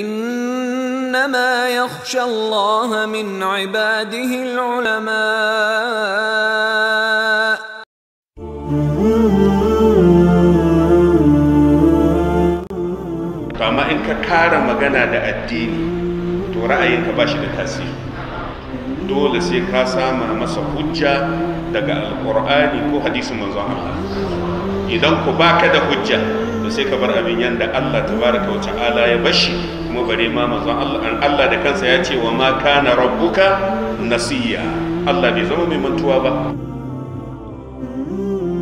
إنما يخشى الله من عباده العلماء فما إنك كارم غنى الدين ورأيك باش نتاسي دول سيكاسا ما مسا حجة دقاء القرآن وحديث من زهر idan ku ba ka da hujja to sai ka bar abin yanda Allah tabaraka wa ta'ala ya bashi kuma bare ma manzon Allah Allah da kansa ya ce wa ma kana rabbuka nasiya Allah bai zama mai mantuwa ba